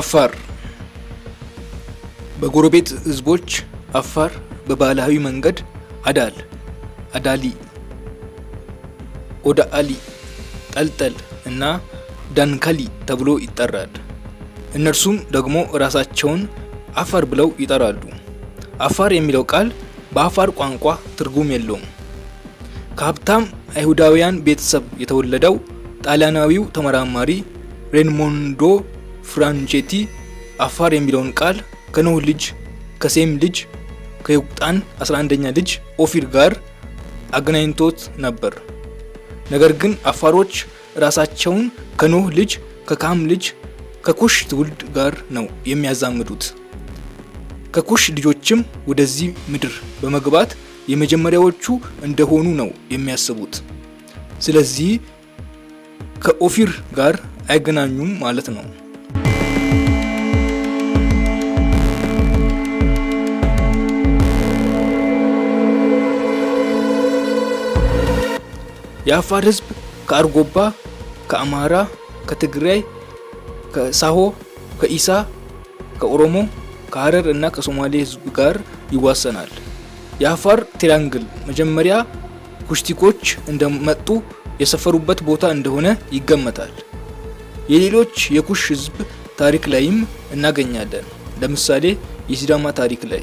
አፋር በጎረቤት ህዝቦች አፋር በባህላዊ መንገድ አዳል፣ አዳሊ፣ ኦዳአሊ፣ ጠልጠል እና ዳንካሊ ተብሎ ይጠራል። እነርሱም ደግሞ ራሳቸውን አፋር ብለው ይጠራሉ። አፋር የሚለው ቃል በአፋር ቋንቋ ትርጉም የለውም። ከሀብታም አይሁዳውያን ቤተሰብ የተወለደው ጣሊያናዊው ተመራማሪ ሬንሞንዶ ፍራንቼቲ አፋር የሚለውን ቃል ከኖህ ልጅ ከሴም ልጅ ከዮቅጣን 11ኛ ልጅ ኦፊር ጋር አገናኝቶት ነበር። ነገር ግን አፋሮች ራሳቸውን ከኖህ ልጅ ከካም ልጅ ከኩሽ ትውልድ ጋር ነው የሚያዛምዱት። ከኩሽ ልጆችም ወደዚህ ምድር በመግባት የመጀመሪያዎቹ እንደሆኑ ነው የሚያስቡት። ስለዚህ ከኦፊር ጋር አይገናኙም ማለት ነው። የአፋር ህዝብ ከአርጎባ፣ ከአማራ፣ ከትግራይ፣ ከሳሆ፣ ከኢሳ፣ ከኦሮሞ፣ ከሀረር እና ከሶማሌ ህዝብ ጋር ይዋሰናል። የአፋር ትሪያንግል መጀመሪያ ኩሽቲኮች እንደመጡ የሰፈሩበት ቦታ እንደሆነ ይገመታል። የሌሎች የኩሽ ህዝብ ታሪክ ላይም እናገኛለን። ለምሳሌ የሲዳማ ታሪክ ላይ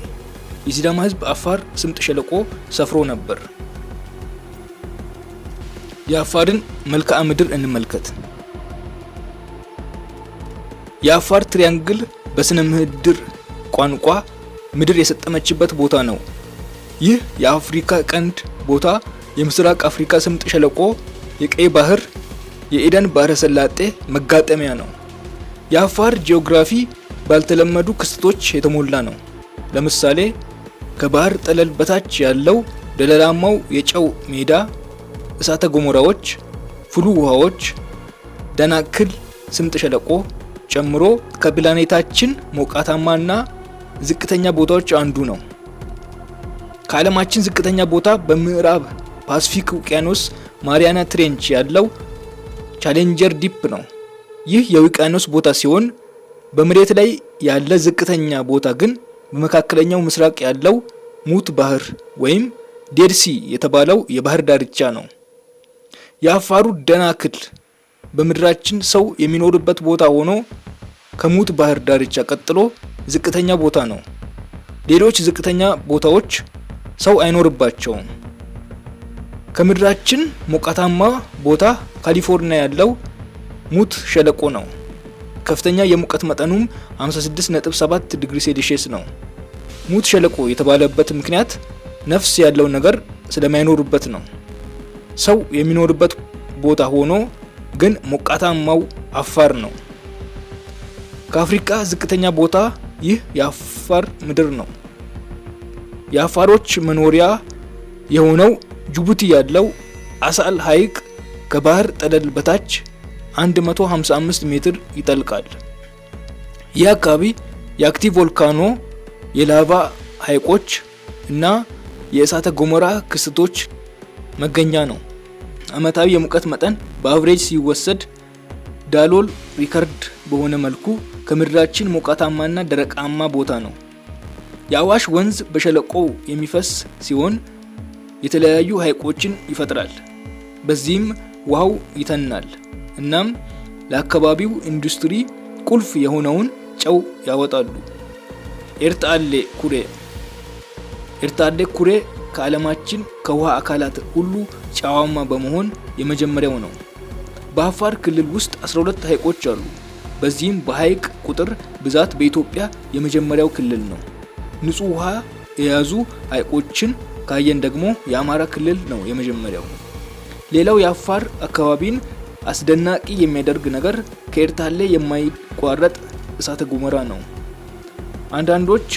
የሲዳማ ህዝብ አፋር ስምጥ ሸለቆ ሰፍሮ ነበር። የአፋርን መልክዓ ምድር እንመልከት። የአፋር ትሪያንግል በስነ ምህድር ቋንቋ ምድር የሰጠመችበት ቦታ ነው። ይህ የአፍሪካ ቀንድ ቦታ የምስራቅ አፍሪካ ስምጥ ሸለቆ፣ የቀይ ባህር፣ የኢደን ባህረ ሰላጤ መጋጠሚያ ነው። የአፋር ጂኦግራፊ ባልተለመዱ ክስተቶች የተሞላ ነው። ለምሳሌ ከባህር ጠለል በታች ያለው ደለላማው የጨው ሜዳ እሳተ ገሞራዎች፣ ፍሉ ውሃዎች፣ ደናክል ስምጥ ሸለቆ ጨምሮ ከፕላኔታችን ሞቃታማና ዝቅተኛ ቦታዎች አንዱ ነው። ከዓለማችን ዝቅተኛ ቦታ በምዕራብ ፓስፊክ ውቅያኖስ ማሪያና ትሬንች ያለው ቻሌንጀር ዲፕ ነው። ይህ የውቅያኖስ ቦታ ሲሆን በመሬት ላይ ያለ ዝቅተኛ ቦታ ግን በመካከለኛው ምስራቅ ያለው ሙት ባህር ወይም ዴድሲ የተባለው የባህር ዳርቻ ነው። የአፋሩ ደናክል በምድራችን ሰው የሚኖርበት ቦታ ሆኖ ከሙት ባህር ዳርቻ ቀጥሎ ዝቅተኛ ቦታ ነው። ሌሎች ዝቅተኛ ቦታዎች ሰው አይኖርባቸውም። ከምድራችን ሞቃታማ ቦታ ካሊፎርኒያ ያለው ሙት ሸለቆ ነው። ከፍተኛ የሙቀት መጠኑም 56.7 ዲግሪ ሴልሺየስ ነው። ሙት ሸለቆ የተባለበት ምክንያት ነፍስ ያለው ነገር ስለማይኖርበት ነው። ሰው የሚኖርበት ቦታ ሆኖ ግን ሞቃታማው አፋር ነው። ከአፍሪካ ዝቅተኛ ቦታ ይህ የአፋር ምድር ነው። የአፋሮች መኖሪያ የሆነው ጅቡቲ ያለው አሳል ሐይቅ ከባህር ጠለል በታች 155 ሜትር ይጠልቃል። ይህ አካባቢ የአክቲቭ ቮልካኖ፣ የላቫ ሐይቆች እና የእሳተ ገሞራ ክስተቶች መገኛ ነው። ዓመታዊ የሙቀት መጠን በአቨሬጅ ሲወሰድ ዳሎል ሪከርድ በሆነ መልኩ ከምድራችን ሞቃታማና ደረቃማ ቦታ ነው። የአዋሽ ወንዝ በሸለቆ የሚፈስ ሲሆን የተለያዩ ሐይቆችን ይፈጥራል። በዚህም ውሃው ይተናል። እናም ለአካባቢው ኢንዱስትሪ ቁልፍ የሆነውን ጨው ያወጣሉ። ኤርታሌ ኩሬ ኤርታሌ ኩሬ ከዓለማችን ከውሃ አካላት ሁሉ ጨዋማ በመሆን የመጀመሪያው ነው። በአፋር ክልል ውስጥ 12 ሐይቆች አሉ። በዚህም በሐይቅ ቁጥር ብዛት በኢትዮጵያ የመጀመሪያው ክልል ነው። ንጹህ ውሃ የያዙ ሐይቆችን ካየን ደግሞ የአማራ ክልል ነው የመጀመሪያው። ሌላው የአፋር አካባቢን አስደናቂ የሚያደርግ ነገር ከኤርታሌ የማይቋረጥ እሳተ ገሞራ ነው። አንዳንዶች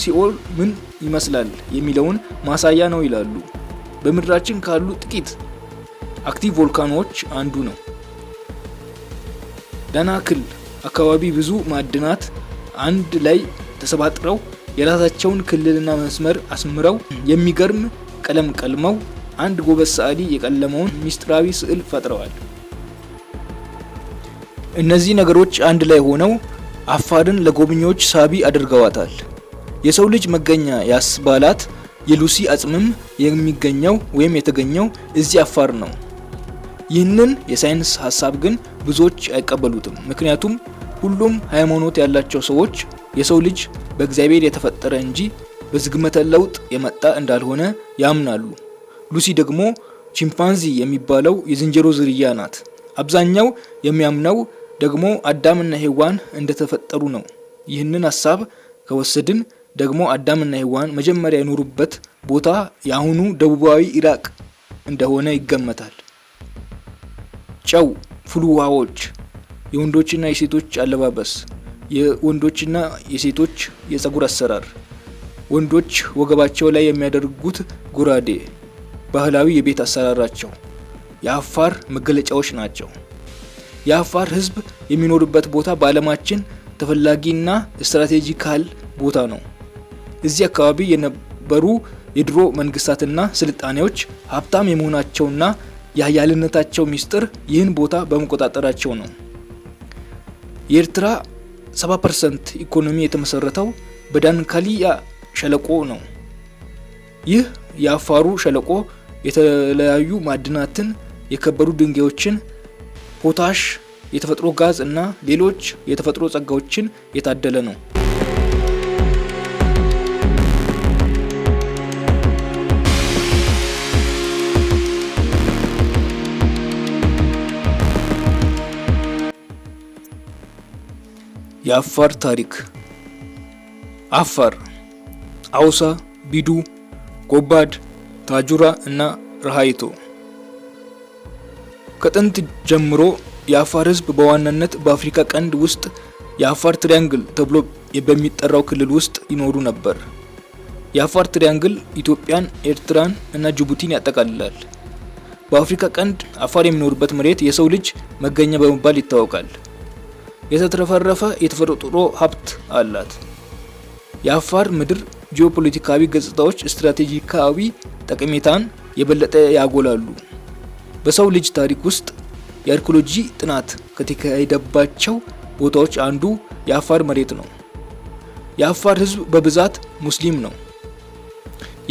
ሲኦል ምን ይመስላል የሚለውን ማሳያ ነው ይላሉ። በምድራችን ካሉ ጥቂት አክቲቭ ቮልካኖች አንዱ ነው። ደናክል አካባቢ ብዙ ማዕድናት አንድ ላይ ተሰባጥረው የራሳቸውን ክልልና መስመር አስምረው የሚገርም ቀለም ቀልመው አንድ ጎበዝ ሰዓሊ የቀለመውን ሚስጥራዊ ስዕል ፈጥረዋል። እነዚህ ነገሮች አንድ ላይ ሆነው አፋርን ለጎብኚዎች ሳቢ አድርገዋታል። የሰው ልጅ መገኛ ያስባላት የሉሲ አጽምም የሚገኘው ወይም የተገኘው እዚህ አፋር ነው። ይህንን የሳይንስ ሀሳብ ግን ብዙዎች አይቀበሉትም። ምክንያቱም ሁሉም ሃይማኖት ያላቸው ሰዎች የሰው ልጅ በእግዚአብሔር የተፈጠረ እንጂ በዝግመተ ለውጥ የመጣ እንዳልሆነ ያምናሉ። ሉሲ ደግሞ ቺምፓንዚ የሚባለው የዝንጀሮ ዝርያ ናት። አብዛኛው የሚያምነው ደግሞ አዳምና ሔዋን እንደተፈጠሩ ነው። ይህንን ሀሳብ ከወሰድን ደግሞ አዳምና ሔዋን መጀመሪያ የኖሩበት ቦታ የአሁኑ ደቡባዊ ኢራቅ እንደሆነ ይገመታል። ጨው፣ ፍሉዋዎች፣ የወንዶችና የሴቶች አለባበስ፣ የወንዶችና የሴቶች የፀጉር አሰራር፣ ወንዶች ወገባቸው ላይ የሚያደርጉት ጎራዴ፣ ባህላዊ የቤት አሰራራቸው የአፋር መገለጫዎች ናቸው። የአፋር ህዝብ የሚኖርበት ቦታ በዓለማችን ተፈላጊና ስትራቴጂካል ቦታ ነው። እዚህ አካባቢ የነበሩ የድሮ መንግስታትና ስልጣኔዎች ሀብታም የመሆናቸውና የሀያልነታቸው ሚስጥር ይህን ቦታ በመቆጣጠራቸው ነው። የኤርትራ 70 ፐርሰንት ኢኮኖሚ የተመሰረተው በዳንካሊያ ሸለቆ ነው። ይህ የአፋሩ ሸለቆ የተለያዩ ማዕድናትን፣ የከበሩ ድንጋዮችን፣ ፖታሽ፣ የተፈጥሮ ጋዝ እና ሌሎች የተፈጥሮ ጸጋዎችን የታደለ ነው። የአፋር ታሪክ አፋር አውሳ፣ ቢዱ፣ ጎባድ፣ ታጁራ እና ረሃይቶ። ከጥንት ጀምሮ የአፋር ህዝብ በዋናነት በአፍሪካ ቀንድ ውስጥ የአፋር ትሪያንግል ተብሎ በሚጠራው ክልል ውስጥ ይኖሩ ነበር። የአፋር ትሪያንግል ኢትዮጵያን፣ ኤርትራን እና ጅቡቲን ያጠቃልላል። በአፍሪካ ቀንድ አፋር የሚኖርበት መሬት የሰው ልጅ መገኛ በመባል ይታወቃል። የተትረፈረፈ የተፈጥሮ ሀብት አላት። የአፋር ምድር ጂኦፖለቲካዊ ገጽታዎች ስትራቴጂካዊ ጠቀሜታን የበለጠ ያጎላሉ። በሰው ልጅ ታሪክ ውስጥ የአርኪኦሎጂ ጥናት ከተካሄደባቸው ቦታዎች አንዱ የአፋር መሬት ነው። የአፋር ሕዝብ በብዛት ሙስሊም ነው።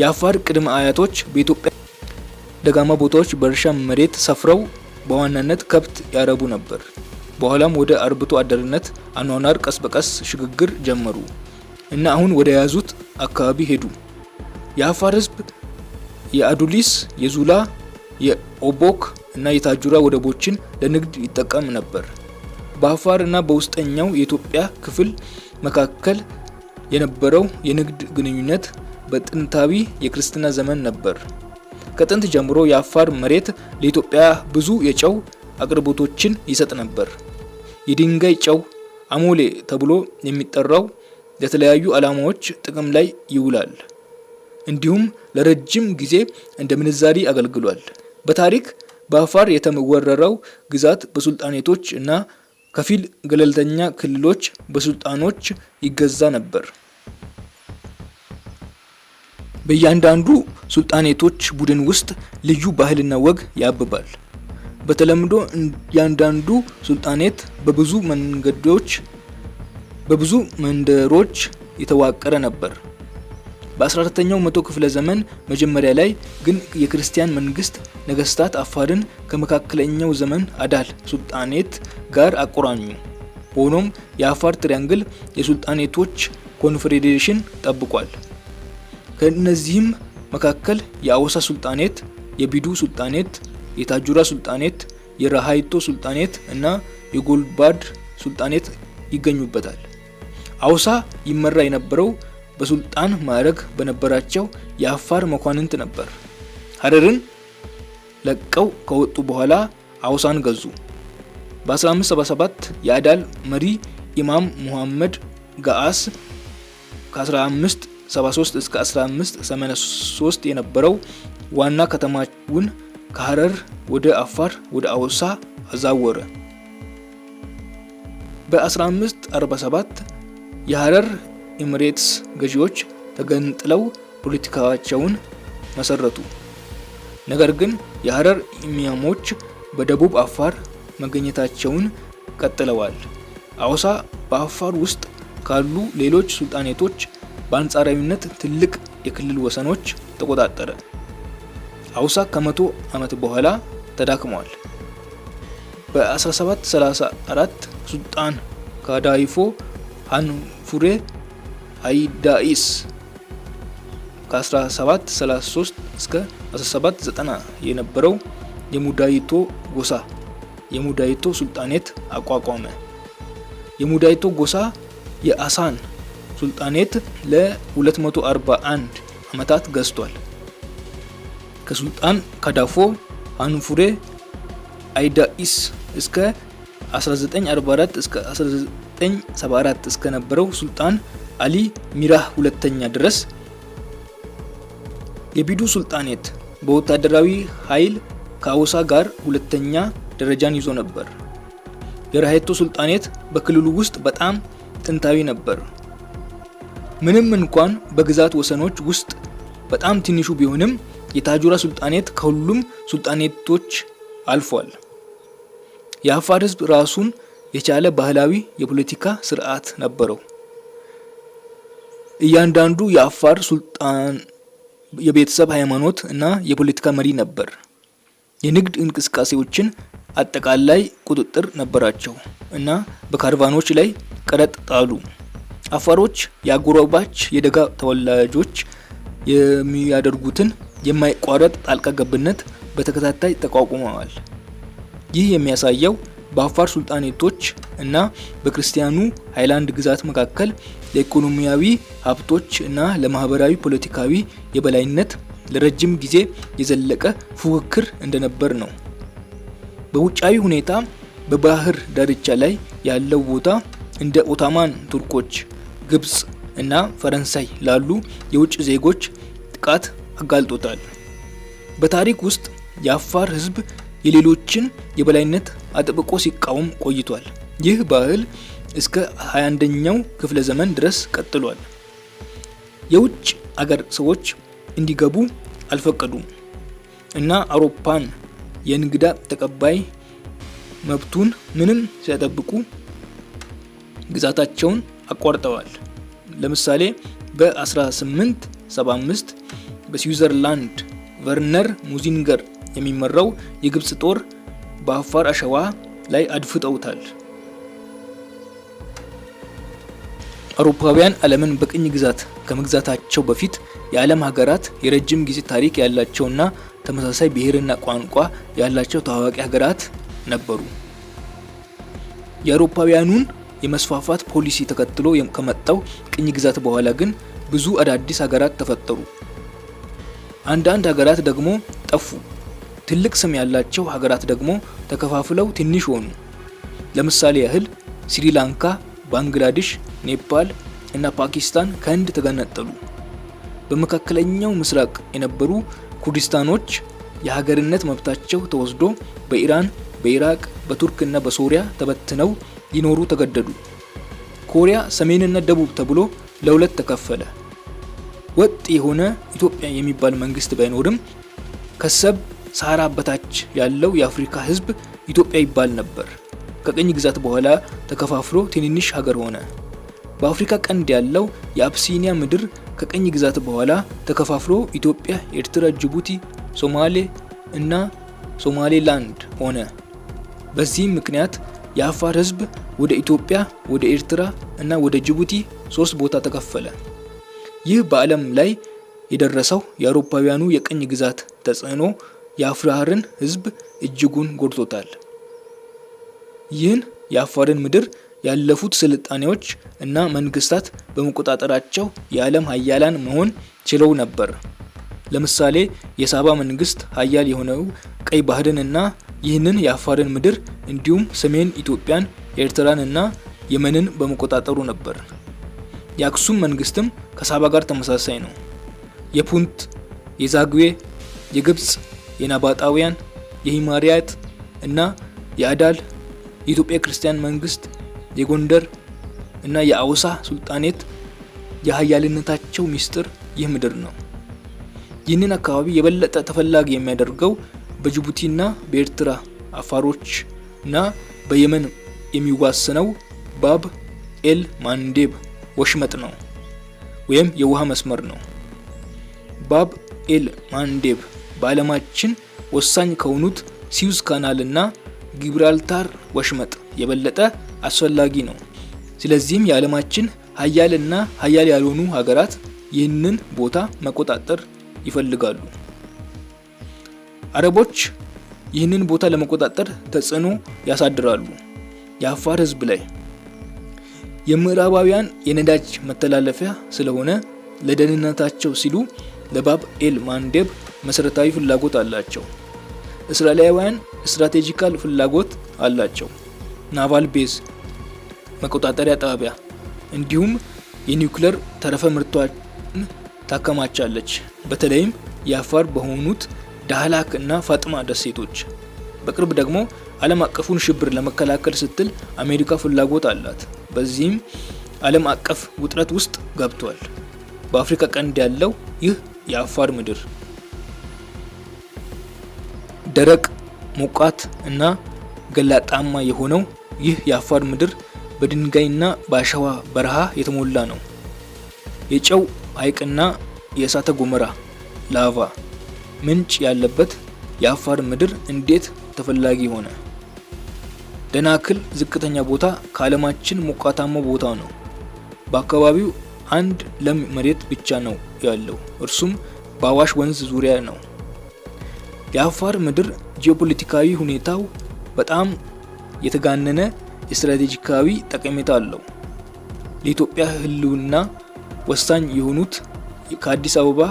የአፋር ቅድመ አያቶች በኢትዮጵያ ደጋማ ቦታዎች በእርሻ መሬት ሰፍረው በዋናነት ከብት ያረቡ ነበር። በኋላም ወደ አርብቶ አደርነት አኗኗር ቀስ በቀስ ሽግግር ጀመሩ እና አሁን ወደ ያዙት አካባቢ ሄዱ። የአፋር ህዝብ የአዱሊስ፣ የዙላ፣ የኦቦክ እና የታጁራ ወደቦችን ለንግድ ይጠቀም ነበር። በአፋር እና በውስጠኛው የኢትዮጵያ ክፍል መካከል የነበረው የንግድ ግንኙነት በጥንታዊ የክርስትና ዘመን ነበር። ከጥንት ጀምሮ የአፋር መሬት ለኢትዮጵያ ብዙ የጨው አቅርቦቶችን ይሰጥ ነበር። የድንጋይ ጨው አሞሌ ተብሎ የሚጠራው ለተለያዩ ዓላማዎች ጥቅም ላይ ይውላል። እንዲሁም ለረጅም ጊዜ እንደ ምንዛሪ አገልግሏል። በታሪክ በአፋር የተወረረው ግዛት በሱልጣኔቶች እና ከፊል ገለልተኛ ክልሎች በሱልጣኖች ይገዛ ነበር። በእያንዳንዱ ሱልጣኔቶች ቡድን ውስጥ ልዩ ባህልና ወግ ያብባል። በተለምዶ እያንዳንዱ ሱልጣኔት በብዙ መንገዶች በብዙ መንደሮች የተዋቀረ ነበር። በ14ተኛው መቶ ክፍለ ዘመን መጀመሪያ ላይ ግን የክርስቲያን መንግስት ነገስታት አፋርን ከመካከለኛው ዘመን አዳል ሱልጣኔት ጋር አቆራኙ። ሆኖም የአፋር ትሪያንግል የሱልጣኔቶች ኮንፌዴሬሽን ጠብቋል። ከእነዚህም መካከል የአወሳ ሱልጣኔት፣ የቢዱ ሱልጣኔት፣ የታጁራ ሱልጣኔት፣ የራሃይቶ ሱልጣኔት እና የጎልባድ ሱልጣኔት ይገኙበታል። አውሳ ይመራ የነበረው በሱልጣን ማዕረግ በነበራቸው የአፋር መኳንንት ነበር። ሀረርን ለቀው ከወጡ በኋላ አውሳን ገዙ። በ1577 የአዳል መሪ ኢማም ሙሐመድ ጋአስ ከ1573 እስከ 1583 የነበረው ዋና ከተማውን ከሐረር ወደ አፋር ወደ አወሳ አዛወረ። በ1547 የሐረር ኢምሬትስ ገዢዎች ተገንጥለው ፖለቲካቸውን መሰረቱ። ነገር ግን የሐረር ኢሚያሞች በደቡብ አፋር መገኘታቸውን ቀጥለዋል። አውሳ በአፋር ውስጥ ካሉ ሌሎች ሱልጣኔቶች በአንጻራዊነት ትልቅ የክልል ወሰኖች ተቆጣጠረ። አውሳ ከመቶ ዓመት በኋላ ተዳክመዋል። በ1734 ሱልጣን ካዳይፎ ሃንፉሬ አይዳኢስ ከ1733 እስከ 1790 የነበረው የሙዳይቶ ጎሳ የሙዳይቶ ሱልጣኔት አቋቋመ። የሙዳይቶ ጎሳ የአሳን ሱልጣኔት ለ241 ዓመታት ገዝቷል። ከሱልጣን ካዳፎ አንፉሬ አይዳኢስ እስከ 1944 እስከ 1974 እስከነበረው ነበረው ሱልጣን አሊ ሚራህ ሁለተኛ ድረስ የቢዱ ሱልጣኔት በወታደራዊ ኃይል ከአውሳ ጋር ሁለተኛ ደረጃን ይዞ ነበር። የራሄቶ ሱልጣኔት በክልሉ ውስጥ በጣም ጥንታዊ ነበር። ምንም እንኳን በግዛት ወሰኖች ውስጥ በጣም ትንሹ ቢሆንም የታጁራ ሱልጣኔት ከሁሉም ሱልጣኔቶች አልፏል። የአፋር ህዝብ ራሱን የቻለ ባህላዊ የፖለቲካ ስርዓት ነበረው። እያንዳንዱ የአፋር ሱልጣን የቤተሰብ ሃይማኖት እና የፖለቲካ መሪ ነበር። የንግድ እንቅስቃሴዎችን አጠቃላይ ቁጥጥር ነበራቸው እና በካርቫኖች ላይ ቀረጥ ጣሉ። አፋሮች የአጎራባች የደጋ ተወላጆች የሚያደርጉትን የማይቋረጥ ጣልቃ ገብነት በተከታታይ ተቋቁመዋል። ይህ የሚያሳየው በአፋር ሱልጣኔቶች እና በክርስቲያኑ ሃይላንድ ግዛት መካከል ለኢኮኖሚያዊ ሀብቶች እና ለማህበራዊ ፖለቲካዊ የበላይነት ለረጅም ጊዜ የዘለቀ ፉክክር እንደነበር ነው። በውጫዊ ሁኔታ በባህር ዳርቻ ላይ ያለው ቦታ እንደ ኦታማን ቱርኮች፣ ግብፅ እና ፈረንሳይ ላሉ የውጭ ዜጎች ጥቃት አጋልጦታል። በታሪክ ውስጥ የአፋር ህዝብ የሌሎችን የበላይነት አጥብቆ ሲቃወም ቆይቷል። ይህ ባህል እስከ 21ኛው ክፍለ ዘመን ድረስ ቀጥሏል። የውጭ አገር ሰዎች እንዲገቡ አልፈቀዱም እና አውሮፓን የእንግዳ ተቀባይ መብቱን ምንም ሲያጠብቁ ግዛታቸውን አቋርጠዋል። ለምሳሌ በ1875 በስዊዘርላንድ ቨርነር ሙዚንገር የሚመራው የግብፅ ጦር በአፋር አሸዋ ላይ አድፍጠውታል። አውሮፓውያን ዓለምን በቅኝ ግዛት ከመግዛታቸው በፊት የዓለም ሀገራት የረጅም ጊዜ ታሪክ ያላቸውና ተመሳሳይ ብሔርና ቋንቋ ያላቸው ታዋቂ ሀገራት ነበሩ። የአውሮፓውያኑን የመስፋፋት ፖሊሲ ተከትሎ ከመጣው ቅኝ ግዛት በኋላ ግን ብዙ አዳዲስ ሀገራት ተፈጠሩ። አንዳንድ ሀገራት ደግሞ ጠፉ። ትልቅ ስም ያላቸው ሀገራት ደግሞ ተከፋፍለው ትንሽ ሆኑ። ለምሳሌ ያህል ስሪላንካ፣ ባንግላዴሽ፣ ኔፓል እና ፓኪስታን ከህንድ ተገነጠሉ። በመካከለኛው ምስራቅ የነበሩ ኩርዲስታኖች የሀገርነት መብታቸው ተወስዶ በኢራን፣ በኢራቅ፣ በቱርክ እና በሶሪያ ተበትነው ሊኖሩ ተገደዱ። ኮሪያ ሰሜንና ደቡብ ተብሎ ለሁለት ተከፈለ። ወጥ የሆነ ኢትዮጵያ የሚባል መንግስት ባይኖርም ከሰብ ሳራ በታች ያለው የአፍሪካ ህዝብ ኢትዮጵያ ይባል ነበር። ከቅኝ ግዛት በኋላ ተከፋፍሎ ትንንሽ ሀገር ሆነ። በአፍሪካ ቀንድ ያለው የአብሲኒያ ምድር ከቅኝ ግዛት በኋላ ተከፋፍሎ ኢትዮጵያ፣ ኤርትራ፣ ጅቡቲ፣ ሶማሌ እና ሶማሌላንድ ሆነ። በዚህም ምክንያት የአፋር ህዝብ ወደ ኢትዮጵያ፣ ወደ ኤርትራ እና ወደ ጅቡቲ ሶስት ቦታ ተከፈለ። ይህ በዓለም ላይ የደረሰው የአውሮፓውያኑ የቅኝ ግዛት ተጽዕኖ የአፍራርን ህዝብ እጅጉን ጎድቶታል። ይህን የአፋርን ምድር ያለፉት ስልጣኔዎች እና መንግስታት በመቆጣጠራቸው የዓለም ሀያላን መሆን ችለው ነበር። ለምሳሌ የሳባ መንግስት ሀያል የሆነው ቀይ ባህርን እና ይህንን የአፋርን ምድር እንዲሁም ሰሜን ኢትዮጵያን፣ ኤርትራን እና የመንን በመቆጣጠሩ ነበር። የአክሱም መንግስትም ከሳባ ጋር ተመሳሳይ ነው። የፑንት፣ የዛግዌ፣ የግብፅ፣ የናባጣውያን፣ የሂማሪያት እና የአዳል የኢትዮጵያ ክርስቲያን መንግስት፣ የጎንደር እና የአውሳ ሱልጣኔት የሀያልነታቸው ሚስጥር ይህ ምድር ነው። ይህንን አካባቢ የበለጠ ተፈላጊ የሚያደርገው በጅቡቲና በኤርትራ አፋሮች እና በየመን የሚዋሰነው ባብ ኤል ማንዴብ ወሽመጥ ነው ወይም የውሃ መስመር ነው። ባብ ኤል ማንዴብ በዓለማችን ወሳኝ ከሆኑት ሲዩዝ ካናል እና ጊብራልታር ወሽመጥ የበለጠ አስፈላጊ ነው። ስለዚህም የዓለማችን ሀያል እና ሀያል ያልሆኑ ሀገራት ይህንን ቦታ መቆጣጠር ይፈልጋሉ። አረቦች ይህንን ቦታ ለመቆጣጠር ተጽዕኖ ያሳድራሉ የአፋር ህዝብ ላይ የምዕራባውያን የነዳጅ መተላለፊያ ስለሆነ ለደህንነታቸው ሲሉ ለባብ ኤል ማንዴብ መሰረታዊ ፍላጎት አላቸው። እስራኤላውያን ስትራቴጂካል ፍላጎት አላቸው። ናቫል ቤዝ፣ መቆጣጠሪያ ጣቢያ እንዲሁም የኒውክለር ተረፈ ምርቷን ታከማቻለች። በተለይም የአፋር በሆኑት ዳህላክ እና ፋጥማ ደሴቶች። በቅርብ ደግሞ ዓለም አቀፉን ሽብር ለመከላከል ስትል አሜሪካ ፍላጎት አላት። በዚህም ዓለም አቀፍ ውጥረት ውስጥ ገብቷል። በአፍሪካ ቀንድ ያለው ይህ የአፋር ምድር ደረቅ፣ ሞቃት እና ገላጣማ የሆነው ይህ የአፋር ምድር በድንጋይና በአሸዋ በረሃ የተሞላ ነው። የጨው ሐይቅና የእሳተ ጎመራ ላቫ ምንጭ ያለበት የአፋር ምድር እንዴት ተፈላጊ ሆነ? ደናክል ዝቅተኛ ቦታ ከዓለማችን ሞቃታማ ቦታ ነው። በአካባቢው አንድ ለም መሬት ብቻ ነው ያለው፣ እርሱም በአዋሽ ወንዝ ዙሪያ ነው። የአፋር ምድር ጂኦፖለቲካዊ ሁኔታው በጣም የተጋነነ የስትራቴጂካዊ ጠቀሜታ አለው። ለኢትዮጵያ ሕልውና ወሳኝ የሆኑት ከአዲስ አበባ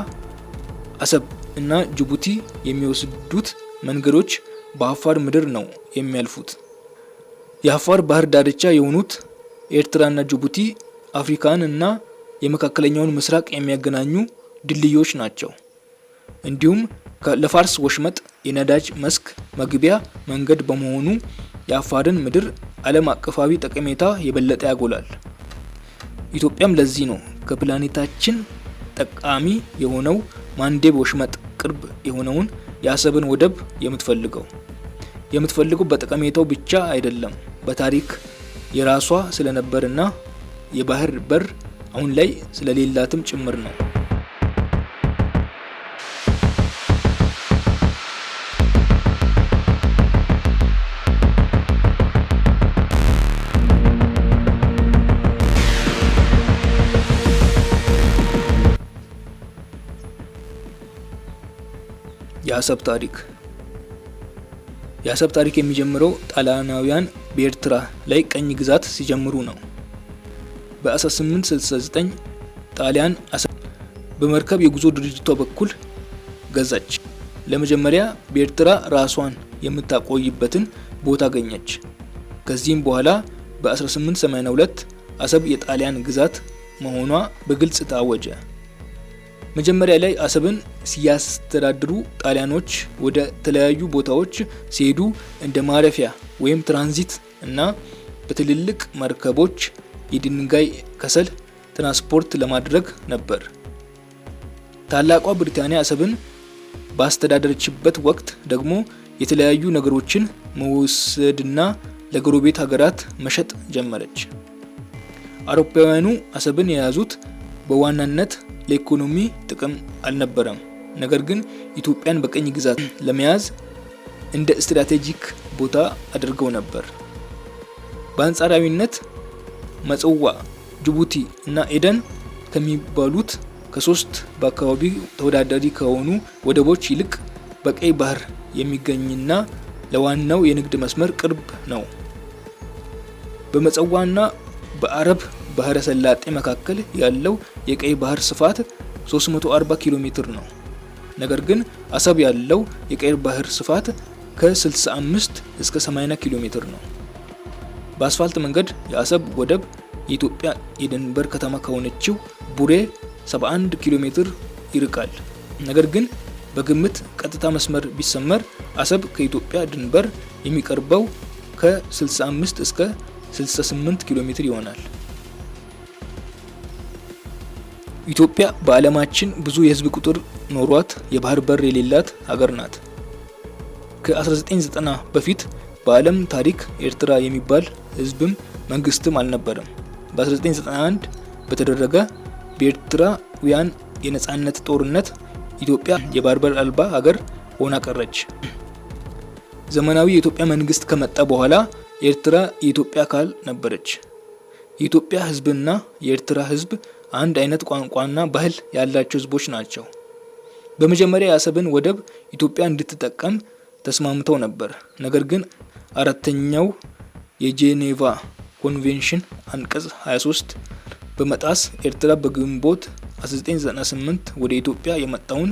አሰብ እና ጅቡቲ የሚወስዱት መንገዶች በአፋር ምድር ነው የሚያልፉት። የአፋር ባህር ዳርቻ የሆኑት ኤርትራና ጅቡቲ አፍሪካን እና የመካከለኛውን ምስራቅ የሚያገናኙ ድልድዮች ናቸው። እንዲሁም ለፋርስ ወሽመጥ የነዳጅ መስክ መግቢያ መንገድ በመሆኑ የአፋርን ምድር ዓለም አቀፋዊ ጠቀሜታ የበለጠ ያጎላል። ኢትዮጵያም ለዚህ ነው ከፕላኔታችን ጠቃሚ የሆነው ማንዴብ ወሽመጥ ቅርብ የሆነውን የአሰብን ወደብ የምትፈልገው። የምትፈልገው በጠቀሜታው ብቻ አይደለም በታሪክ የራሷ ስለነበርና የባህር በር አሁን ላይ ስለሌላትም ጭምር ነው። የአሰብ ታሪክ የአሰብ ታሪክ የሚጀምረው ጣሊያናውያን በኤርትራ ላይ ቀኝ ግዛት ሲጀምሩ ነው። በ1869 ጣሊያን አሰብ በመርከብ የጉዞ ድርጅቷ በኩል ገዛች። ለመጀመሪያ በኤርትራ ራሷን የምታቆይበትን ቦታ አገኘች። ከዚህም በኋላ በ1882 አሰብ የጣሊያን ግዛት መሆኗ በግልጽ ታወጀ። መጀመሪያ ላይ አሰብን ሲያስተዳድሩ ጣሊያኖች ወደ ተለያዩ ቦታዎች ሲሄዱ እንደ ማረፊያ ወይም ትራንዚት እና በትልልቅ መርከቦች የድንጋይ ከሰል ትራንስፖርት ለማድረግ ነበር። ታላቋ ብሪታንያ አሰብን ባስተዳደረችበት ወቅት ደግሞ የተለያዩ ነገሮችን መውሰድና ለጎረቤት ሀገራት መሸጥ ጀመረች። አውሮፓውያኑ አሰብን የያዙት በዋናነት ለኢኮኖሚ ጥቅም አልነበረም። ነገር ግን ኢትዮጵያን በቅኝ ግዛት ለመያዝ እንደ ስትራቴጂክ ቦታ አድርገው ነበር። በአንጻራዊነት መጽዋ፣ ጅቡቲ እና ኤደን ከሚባሉት ከሶስት በአካባቢ ተወዳዳሪ ከሆኑ ወደቦች ይልቅ በቀይ ባህር የሚገኝና ለዋናው የንግድ መስመር ቅርብ ነው። በመጸዋና በአረብ ባህረ ሰላጤ መካከል ያለው የቀይ ባህር ስፋት 340 ኪሎ ሜትር ነው። ነገር ግን አሰብ ያለው የቀይ ባህር ስፋት ከ65 እስከ 80 ኪሎ ሜትር ነው። በአስፋልት መንገድ የአሰብ ወደብ የኢትዮጵያ የድንበር ከተማ ከሆነችው ቡሬ 71 ኪሎ ሜትር ይርቃል። ነገር ግን በግምት ቀጥታ መስመር ቢሰመር አሰብ ከኢትዮጵያ ድንበር የሚቀርበው ከ65 እስከ 68 ኪሎ ሜትር ይሆናል። ኢትዮጵያ በዓለማችን ብዙ የህዝብ ቁጥር ኖሯት የባህር በር የሌላት ሀገር ናት። ከ1990 በፊት በዓለም ታሪክ ኤርትራ የሚባል ህዝብም መንግስትም አልነበረም። በ1991 በተደረገ በኤርትራውያን የነፃነት ጦርነት ኢትዮጵያ የባህር በር አልባ ሀገር ሆና ቀረች። ዘመናዊ የኢትዮጵያ መንግስት ከመጣ በኋላ ኤርትራ የኢትዮጵያ አካል ነበረች። የኢትዮጵያ ህዝብና የኤርትራ ህዝብ አንድ አይነት ቋንቋና ባህል ያላቸው ህዝቦች ናቸው። በመጀመሪያ የአሰብን ወደብ ኢትዮጵያ እንድትጠቀም ተስማምተው ነበር። ነገር ግን አራተኛው የጄኔቫ ኮንቬንሽን አንቀጽ 23 በመጣስ ኤርትራ በግንቦት 1998 ወደ ኢትዮጵያ የመጣውን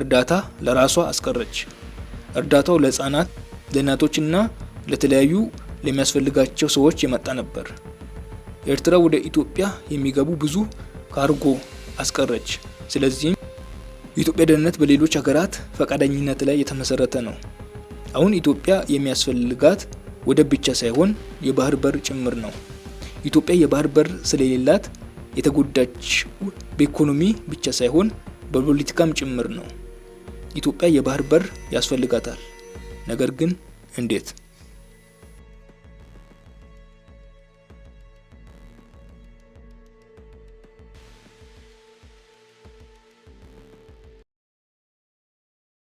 እርዳታ ለራሷ አስቀረች። እርዳታው ለህጻናት፣ ለእናቶችና ለተለያዩ ለሚያስፈልጋቸው ሰዎች የመጣ ነበር። ኤርትራ ወደ ኢትዮጵያ የሚገቡ ብዙ ካርጎ አስቀረች። ስለዚህም የኢትዮጵያ ደህንነት በሌሎች ሀገራት ፈቃደኝነት ላይ የተመሰረተ ነው። አሁን ኢትዮጵያ የሚያስፈልጋት ወደብ ብቻ ሳይሆን የባህር በር ጭምር ነው። ኢትዮጵያ የባህር በር ስለሌላት የተጎዳች በኢኮኖሚ ብቻ ሳይሆን በፖለቲካም ጭምር ነው። ኢትዮጵያ የባህር በር ያስፈልጋታል። ነገር ግን እንዴት?